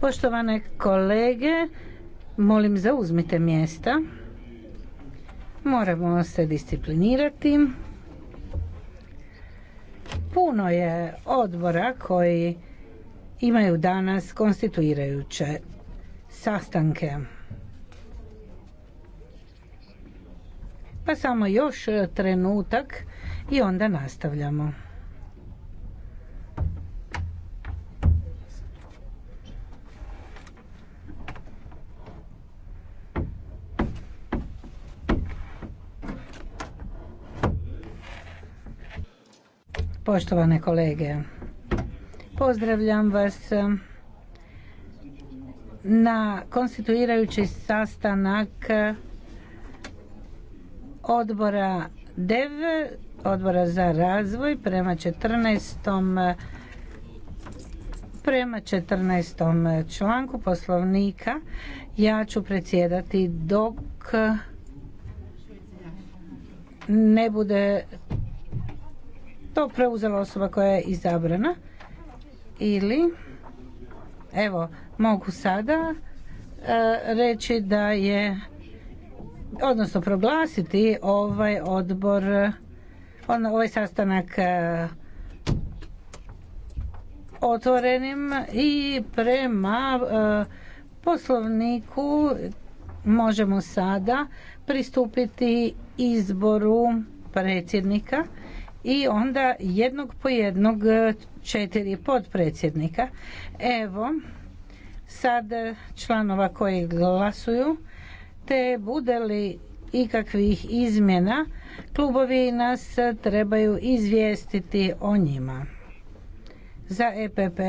Poštovane kolege, molim zauzmite mjesta. Moramo se disciplinirati. Puno je odbora koji imaju danas konstituirajuće sastanke. Pa samo još trenutak i onda nastavljamo. Poštovane kolege, pozdravljam vas na konstituirajući sastanak odbora DEV, odbora za razvoj prema 14. prema 14. članku poslovnika ja ću predsjedati dok ne bude to preuzela osoba koja je izabrana ili evo mogu sada e, reći da je odnosno proglasiti ovaj odbor ovaj sastanak e, otvorenim i prema e, poslovniku možemo sada pristupiti izboru predsjednika i onda jednog po jednog e, četiri podpredsjednika. Evo, sad e, članova koji glasuju, te bude li ikakvih izmjena, klubovi nas trebaju izvijestiti o njima. Za EPP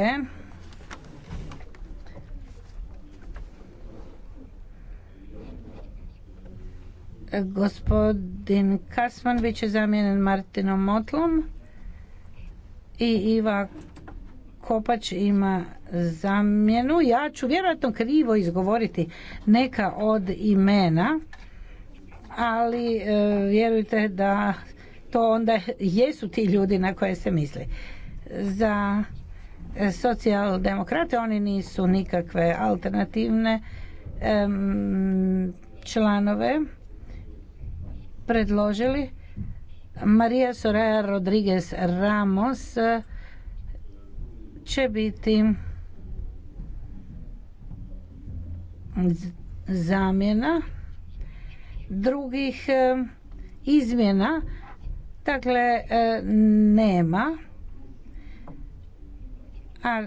Gospodin Kasman bit će zamijenjen Martinom Motlom i Iva Kopač ima zamjenu. Ja ću vjerojatno krivo izgovoriti neka od imena, ali e, vjerujte da to onda jesu ti ljudi na koje se misli. Za socijaldemokrate oni nisu nikakve alternativne članove predložili Marija Soraya Rodriguez Ramos eh, će biti zamjena drugih eh, izmjena dakle eh, nema a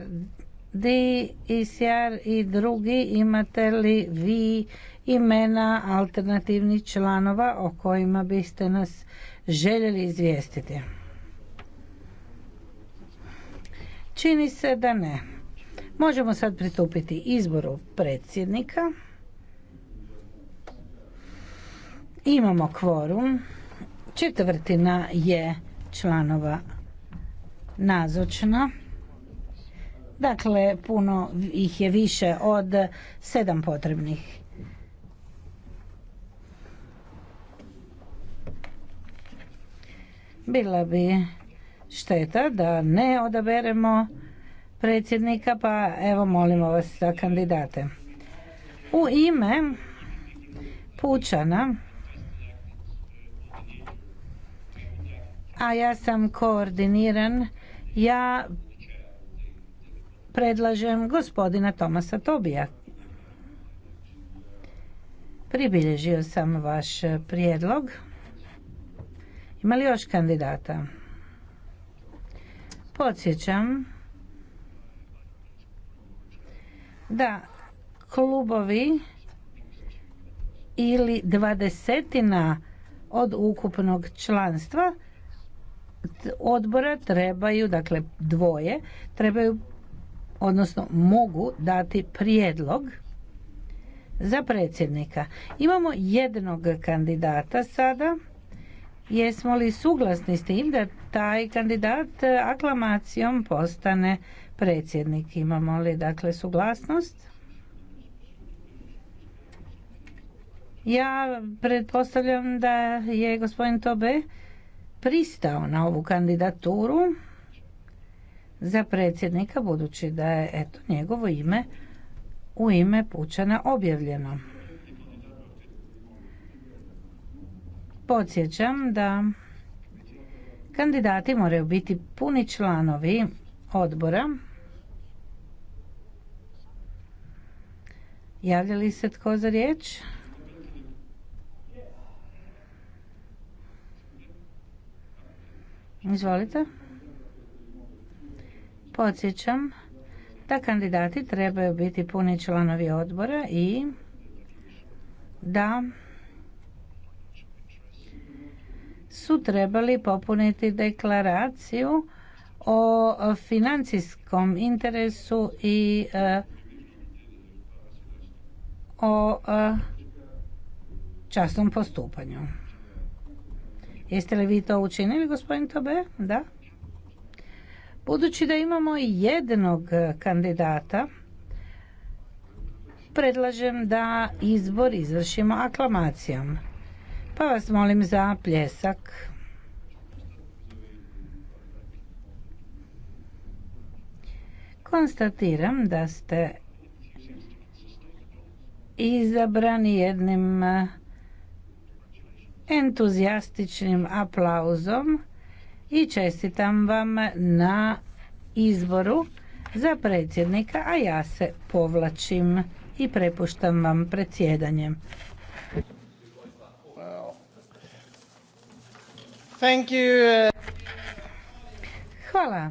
DCR i drugi imate li vi imena alternativnih članova o kojima biste nas željeli izvijestiti? Čini se da ne. Možemo sad pristupiti izboru predsjednika. Imamo kvorum. Četvrtina je članova nazočna. Dakle, puno ih je više od sedam potrebnih. Bila bi šteta da ne odaberemo predsjednika, pa evo molimo vas za kandidate. U ime Pučana, a ja sam koordiniran, ja predlažem gospodina Tomasa Tobija. Pribilježio sam vaš prijedlog. Ima li još kandidata? Podsjećam da klubovi ili dvadesetina od ukupnog članstva odbora trebaju, dakle dvoje, trebaju odnosno mogu dati prijedlog za predsjednika. Imamo jednog kandidata sada Jesmo li suglasni s tim da taj kandidat e, aklamacijom postane predsjednik? Imamo li dakle suglasnost? Ja pretpostavljam da je gospodin Tobe pristao na ovu kandidaturu za predsjednika budući da je eto njegovo ime u ime Pučana objavljeno. Podsjećam da kandidati moraju biti puni članovi odbora. Javlja li se tko za riječ? Izvolite. Podsjećam da kandidati trebaju biti puni članovi odbora i da su trebali popuniti deklaraciju o financijskom interesu i e, o e, časnom postupanju. Jeste li vi to učinili, gospodin Tobe? Da. Budući da imamo jednog kandidata, predlažem da izbor izvršimo aklamacijom pa vas molim za pljesak. Konstatiram da ste izabrani jednim e, entuzijastičnim aplauzom i čestitam vam na izboru za predsjednika, a ja se povlačim i prepuštam vam predsjedanjem. Thank uh, Hvala,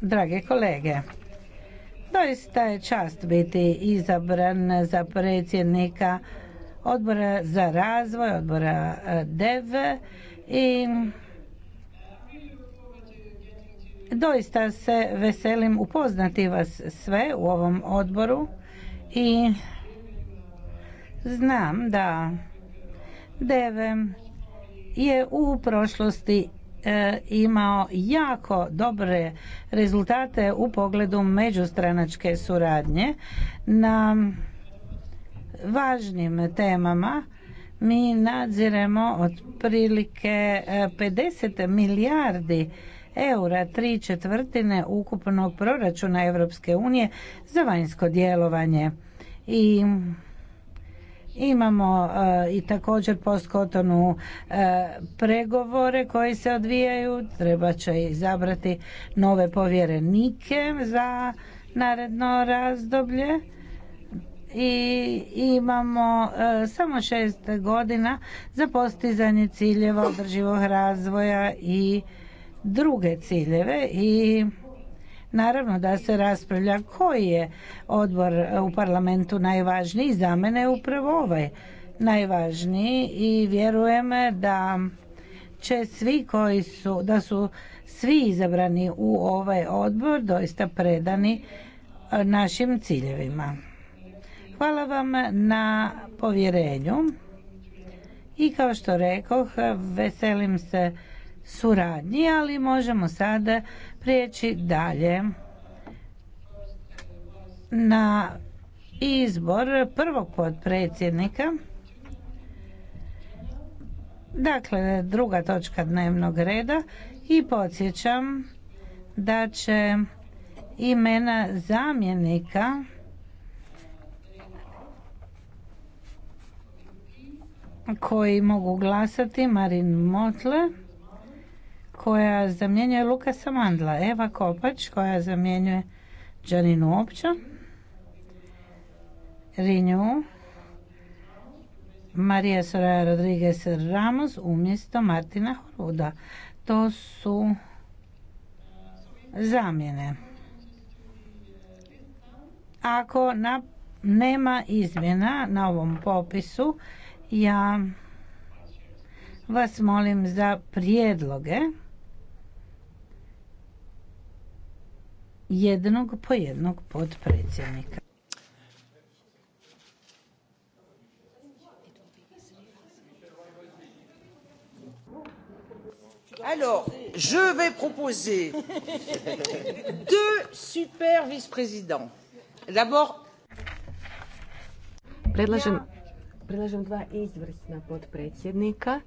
drage kolege. Doista je čast biti izabran za predsjednika odbora za razvoj, odbora uh, DEV i doista se veselim upoznati vas sve u ovom odboru i znam da DEV je u prošlosti e, imao jako dobre rezultate u pogledu međustranačke suradnje na važnim temama mi nadziremo otprilike 50 e, milijardi eura, tri četvrtine ukupnog proračuna Europske unije za vanjsko djelovanje. I Imamo e, i također postkotonu e, pregovore koji se odvijaju. Treba će izabrati nove povjerenike za naredno razdoblje i imamo e, samo šest godina za postizanje ciljeva održivog razvoja i druge ciljeve i Naravno da se raspravlja koji je odbor e, u parlamentu najvažniji, za mene je upravo ovaj najvažniji i vjerujem da će svi koji su, da su svi izabrani u ovaj odbor doista predani e, našim ciljevima. Hvala vam na povjerenju i kao što rekoh veselim se suradnji, ali možemo sada prijeći dalje na izbor prvog potpredsjednika. Dakle, druga točka dnevnog reda i podsjećam da će imena zamjenika koji mogu glasati Marin Motle koja zamjenjuje Luka Samandla, Eva Kopač koja zamjenjuje Đaninu Opća, Rinju, Marija Soraya Rodriguez Ramos umjesto Martina Horuda. To su zamjene. Ako nema izmjena na ovom popisu, ja vas molim za prijedloge. jednog po jednog podpredsjednika. Alors, je vais proposer deux super vice-présidents. D'abord, predlažem, predlažem dva izvrsna podpredsjednika.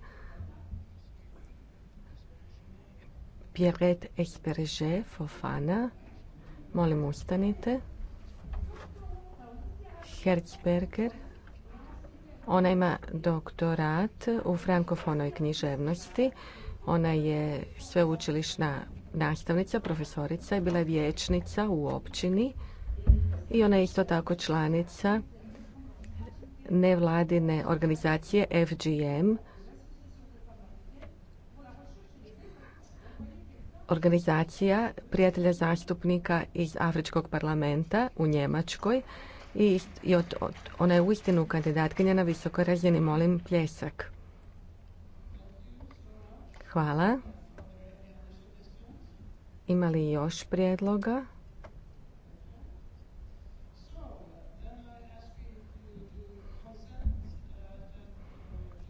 Pierrette Esperger Fofana Molim ustanite. Herzberger. Ona ima doktorat u frankofonoj književnosti. Ona je sveučilišna nastavnica, profesorica i bila je vijećnica u općini. I ona je isto tako članica nevladine organizacije FGM organizacija prijatelja zastupnika iz Afričkog parlamenta u Njemačkoj i, i od, ona je uistinu kandidatkinja na visokoj razini. Molim pljesak. Hvala. Ima li još prijedloga?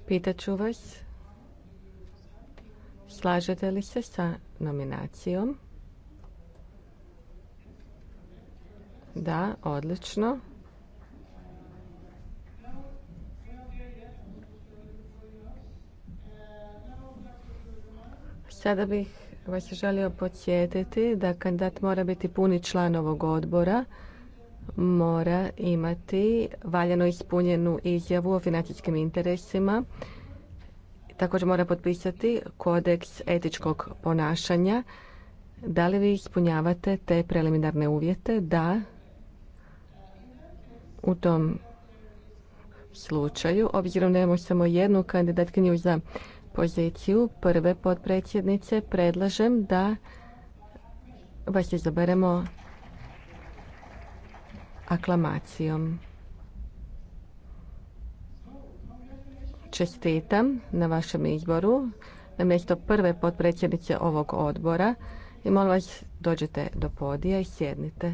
Pitaću vas, slažete li se sa nominacijom. Da, odlično. Sada bih vas želio podsjetiti da kandidat mora biti puni član ovog odbora, mora imati valjano ispunjenu izjavu o financijskim interesima, također mora potpisati kodeks etičkog ponašanja. Da li vi ispunjavate te preliminarne uvjete? Da. U tom slučaju, obzirom da imamo samo jednu kandidatkinju za poziciju prve potpredsjednice, predlažem da vas izaberemo aklamacijom. čestitam na vašem izboru na mjesto prve potpredsjednice ovog odbora i molim vas dođite do podija i sjednite.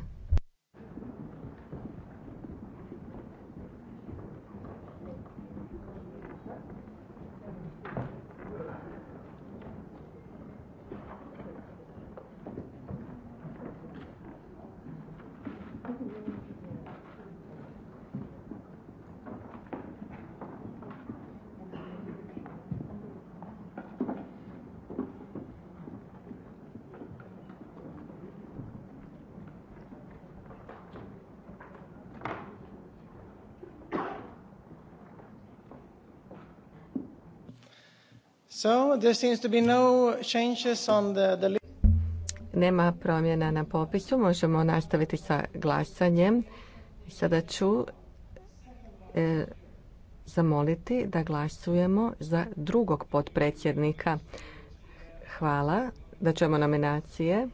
Nema promjena na popisu, možemo nastaviti sa glasanjem. Sada ću e, zamoliti da glasujemo za drugog potpredsjednika. Hvala, da ćemo nominacije.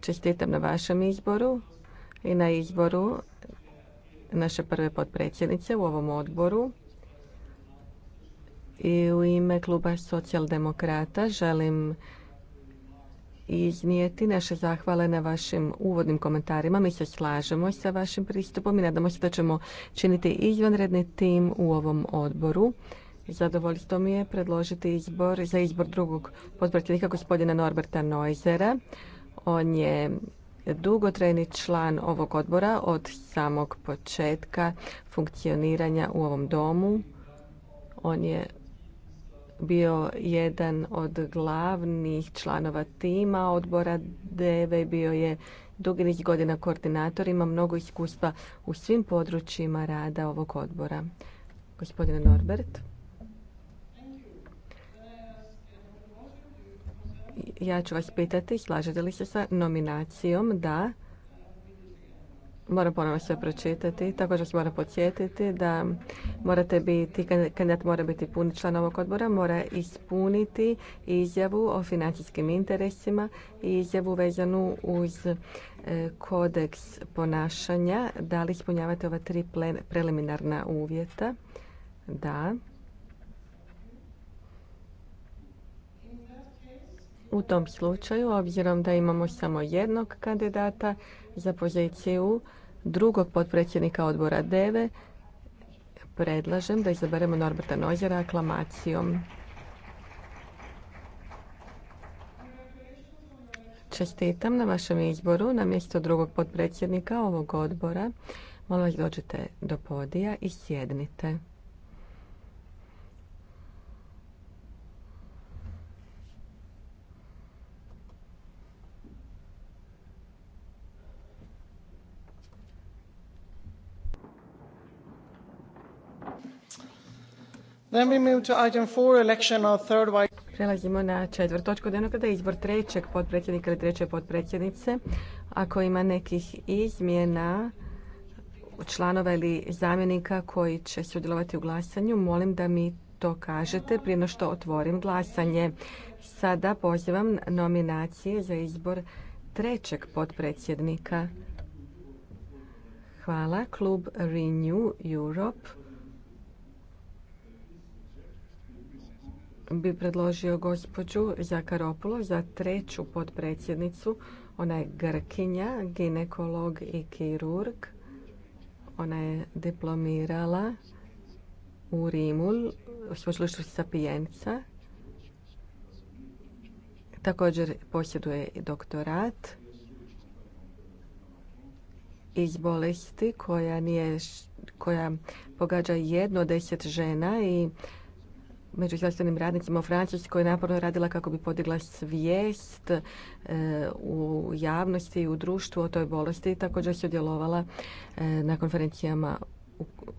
Čestitam na vašem izboru i na izboru naše prve potpredsjednice u ovom odboru i u ime kluba socijaldemokrata želim iznijeti naše zahvale na vašim uvodnim komentarima. Mi se slažemo sa vašim pristupom i nadamo se da ćemo činiti izvanredni tim u ovom odboru. Zadovoljstvo mi je predložiti izbor za izbor drugog potpredsjednika gospodina Norberta Noizera. On je dugotrajni član ovog odbora od samog početka funkcioniranja u ovom domu. On je bio jedan od glavnih članova tima odbora DEVE, bio je dugi niz godina koordinator, ima mnogo iskustva u svim područjima rada ovog odbora. Gospodine Norbert. Ja ću vas pitati, slažete li se sa nominacijom? Da moram ponovno sve pročitati. Također se mora podsjetiti da morate biti, kandidat mora biti puni član ovog odbora, mora ispuniti izjavu o financijskim interesima i izjavu vezanu uz e, kodeks ponašanja. Da li ispunjavate ova tri preliminarna uvjeta? Da. U tom slučaju, obzirom da imamo samo jednog kandidata za poziciju drugog potpredsjednika odbora DEVE predlažem da izaberemo Norberta Nozera aklamacijom. Čestitam na vašem izboru na mjesto drugog potpredsjednika ovog odbora. Molim vas dođite do podija i sjednite. Prelazimo na četvrtu točku dnevnog reda, izbor trećeg potpredsjednika ili treće potpredsjednice. Ako ima nekih izmjena članova ili zamjenika koji će sudjelovati u glasanju, molim da mi to kažete prije no što otvorim glasanje. Sada pozivam nominacije za izbor trećeg potpredsjednika. Hvala. Klub Renew Europe. bi predložio gospođu Zakaropulu za treću potpredsjednicu. Ona je Grkinja, ginekolog i kirurg. Ona je diplomirala u Rimu, sveučilištu Sapijenca. Također posjeduje i doktorat iz bolesti koja, nije, koja pogađa jedno deset žena i među zdravstvenim radnicima u Francuskoj je naporno radila kako bi podigla svijest e, u javnosti i u društvu o toj bolesti. Također se odjelovala e, na konferencijama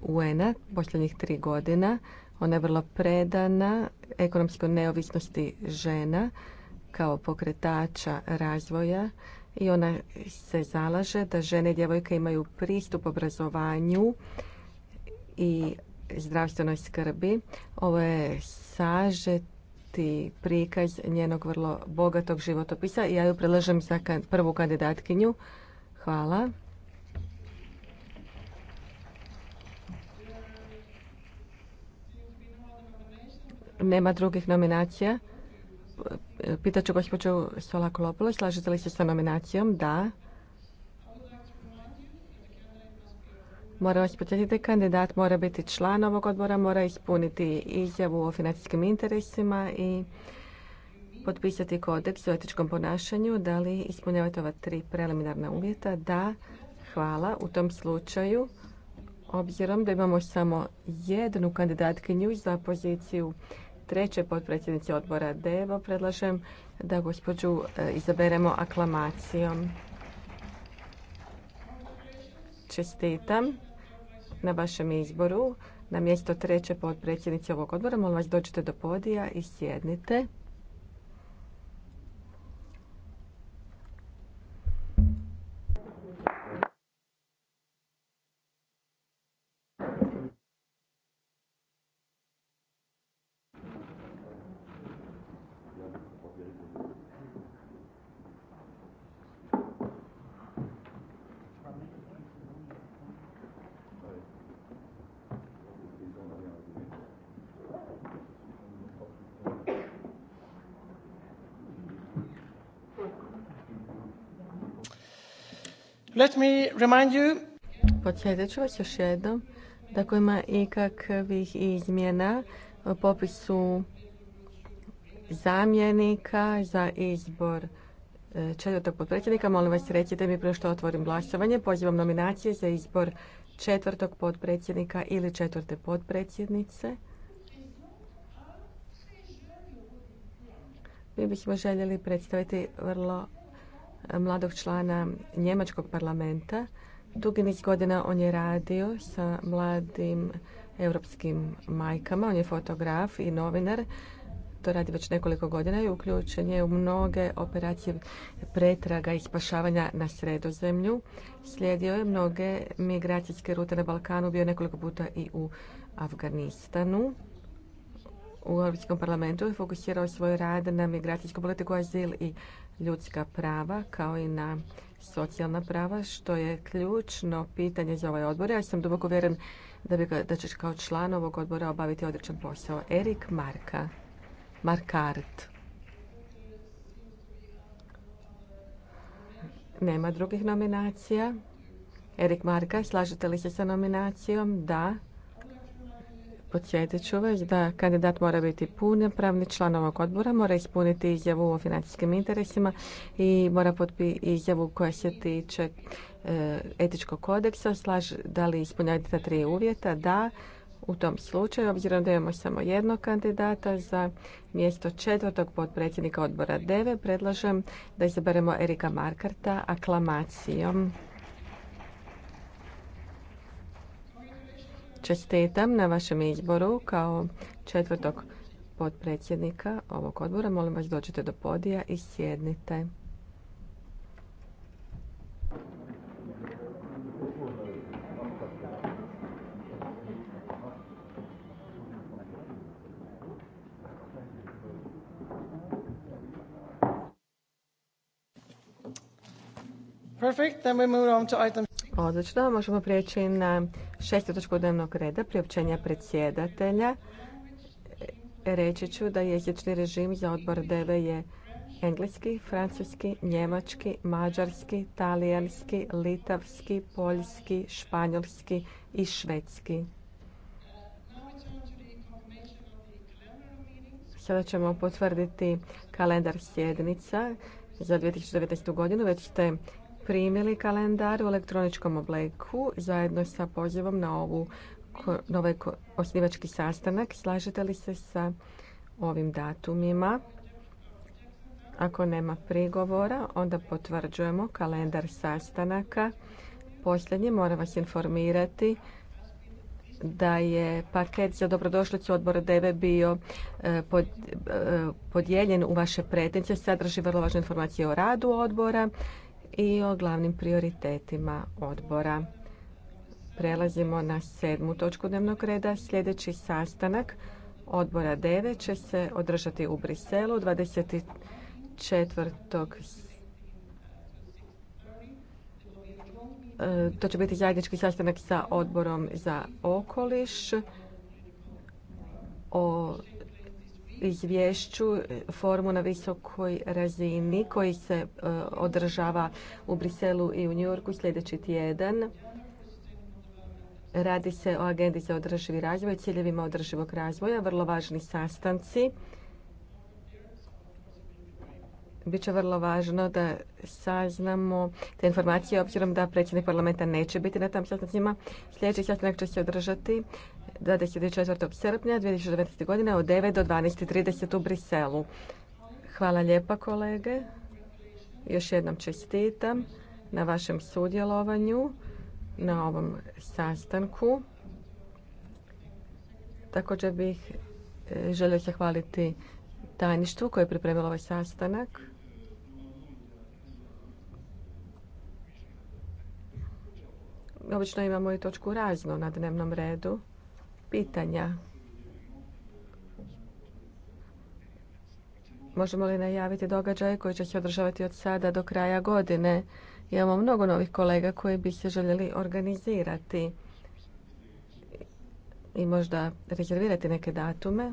UN-a posljednjih tri godina. Ona je vrlo predana ekonomskoj neovisnosti žena kao pokretača razvoja i ona se zalaže da žene i djevojke imaju pristup obrazovanju i zdravstvenoj skrbi. Ovo je sažeti prikaz njenog vrlo bogatog životopisa i ja ju predlažem za prvu kandidatkinju. Hvala. Nema drugih nominacija. Pitaću gospođu Sola Lopulo, slažete li se sa nominacijom? Da. Mora vas podsjetiti, kandidat mora biti član ovog odbora, mora ispuniti izjavu o financijskim interesima i potpisati kodeks o etičkom ponašanju. Da li ispunjavate ova tri preliminarna uvjeta? Da, hvala. U tom slučaju, obzirom da imamo samo jednu kandidatkinju za poziciju treće potpredsjednice odbora DEVO, predlažem da gospođu e, izaberemo aklamacijom. Čestitam na vašem izboru na mjesto treće potpredsjednice ovog odbora. Molim vas dođite do podija i sjednite. Let me remind you... Podsjetit ću vas još jednom da ako ima ikakvih izmjena u popisu zamjenika za izbor e, četvrtog potpredsjednika, molim vas recite mi prije što otvorim glasovanje. Pozivam nominacije za izbor četvrtog potpredsjednika ili četvrte potpredsjednice. Mi bismo željeli predstaviti vrlo mladog člana Njemačkog parlamenta. Dugi niz godina on je radio sa mladim europskim majkama. On je fotograf i novinar. To radi već nekoliko godina i uključen je u mnoge operacije pretraga i spašavanja na sredozemlju. Slijedio je mnoge migracijske rute na Balkanu, bio nekoliko puta i u Afganistanu u Europskom parlamentu je fokusirao svoj rad na migracijsku politiku, azil i ljudska prava kao i na socijalna prava, što je ključno pitanje za ovaj odbor. Ja sam duboko uvjeren da, bi, da ćeš kao član ovog odbora obaviti odličan posao. Erik Marka, Markart. Nema drugih nominacija. Erik Marka, slažete li se sa nominacijom? Da. Podsjetit ću vas da kandidat mora biti punopravni član ovog odbora, mora ispuniti izjavu o financijskim interesima i mora potpi izjavu koja se tiče e, etičkog kodeksa. Slaž da li ispunjavate ta tri uvjeta? Da. U tom slučaju, obzirom da imamo samo jednog kandidata za mjesto četvrtog potpredsjednika odbora DEVE, predlažem da izaberemo Erika Markarta aklamacijom. Čestitam na vašem izboru kao četvrtog potpredsjednika ovog odbora. Molim vas dođite do podija i sjednite. Perfect. Then we move on to item Odlično, možemo prijeći na šestu točku dnevnog reda, priopćenja predsjedatelja. Reći ću da jezični režim za odbor DEVE je engleski, francuski, njemački, mađarski, talijanski, litavski, poljski, španjolski i švedski. Sada ćemo potvrditi kalendar sjednica za 2019. godinu. Već ste primili kalendar u elektroničkom obliku zajedno sa pozivom na ovu nove ovaj osnivački sastanak. Slažete li se sa ovim datumima? Ako nema prigovora, onda potvrđujemo kalendar sastanaka. Posljednje moram vas informirati da je paket za dobrodošlicu odbora DV bio e, e, podijeljen u vaše pretince. Sadrži vrlo važne informacije o radu odbora, i o glavnim prioritetima odbora. Prelazimo na sedmu točku dnevnog reda. Sljedeći sastanak odbora 9 će se održati u Briselu 24. E, to će biti zajednički sastanak sa odborom za okoliš o izvješću e, formu na visokoj razini koji se e, održava u Briselu i u Njurku sljedeći tjedan. Radi se o agendi za održivi razvoj, ciljevima održivog razvoja, vrlo važni sastanci. Biće vrlo važno da saznamo te informacije, obzirom da predsjednik parlamenta neće biti na tam sastancima. Sljedeći sastanak će se održati 24. srpnja 2019. godine od 9 do 12.30 u Briselu. Hvala lijepa kolege. Još jednom čestitam na vašem sudjelovanju na ovom sastanku. Također bih e, želio zahvaliti tajništvu koje je pripremilo ovaj sastanak. obično imamo i točku razno na dnevnom redu. Pitanja. Možemo li najaviti događaje koji će se održavati od sada do kraja godine? Imamo mnogo novih kolega koji bi se željeli organizirati i možda rezervirati neke datume.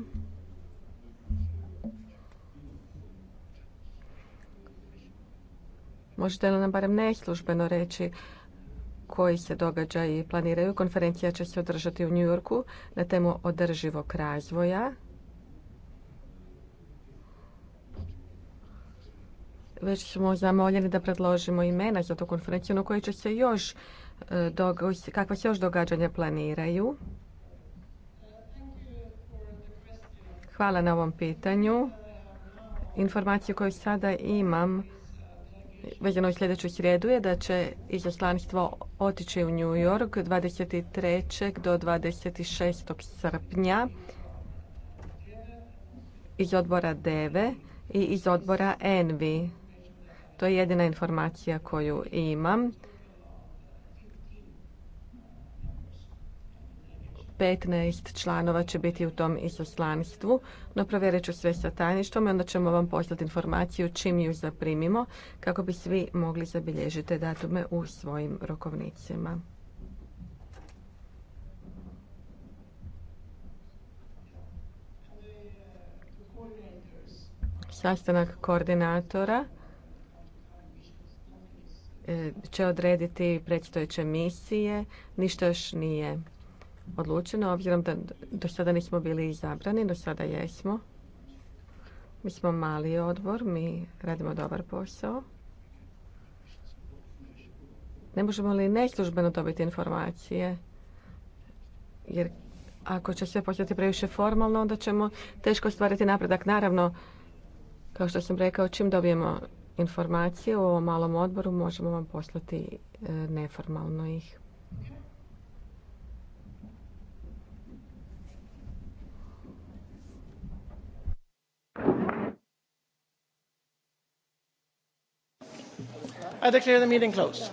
Možete li nam barem neslužbeno reći koji se i planiraju. Konferencija će se održati u New Yorku na temu održivog razvoja. Već smo zamoljeni da predložimo imena za tu konferenciju na kojoj će se još e, kakva se još događanja planiraju. Hvala na ovom pitanju. Informaciju koju sada imam vezano u sljedeću srijedu je da će izaslanstvo otići u New York 23. do 26. srpnja iz odbora DEVE i iz odbora ENVI. To je jedina informacija koju imam. 15 članova će biti u tom izoslanstvu, no provjerit ću sve sa tajništvom i onda ćemo vam poslati informaciju čim ju zaprimimo kako bi svi mogli zabilježiti datume u svojim rokovnicima. Sastanak koordinatora e, će odrediti predstojeće misije. Ništa još nije odlučeno, obzirom da do sada nismo bili izabrani, do sada jesmo. Mi smo mali odbor, mi radimo dobar posao. Ne možemo li neslužbeno dobiti informacije? Jer ako će sve postati previše formalno, onda ćemo teško stvariti napredak. Naravno, kao što sam rekao, čim dobijemo informacije o ovom malom odboru, možemo vam poslati e, neformalno ih. I declare the meeting closed.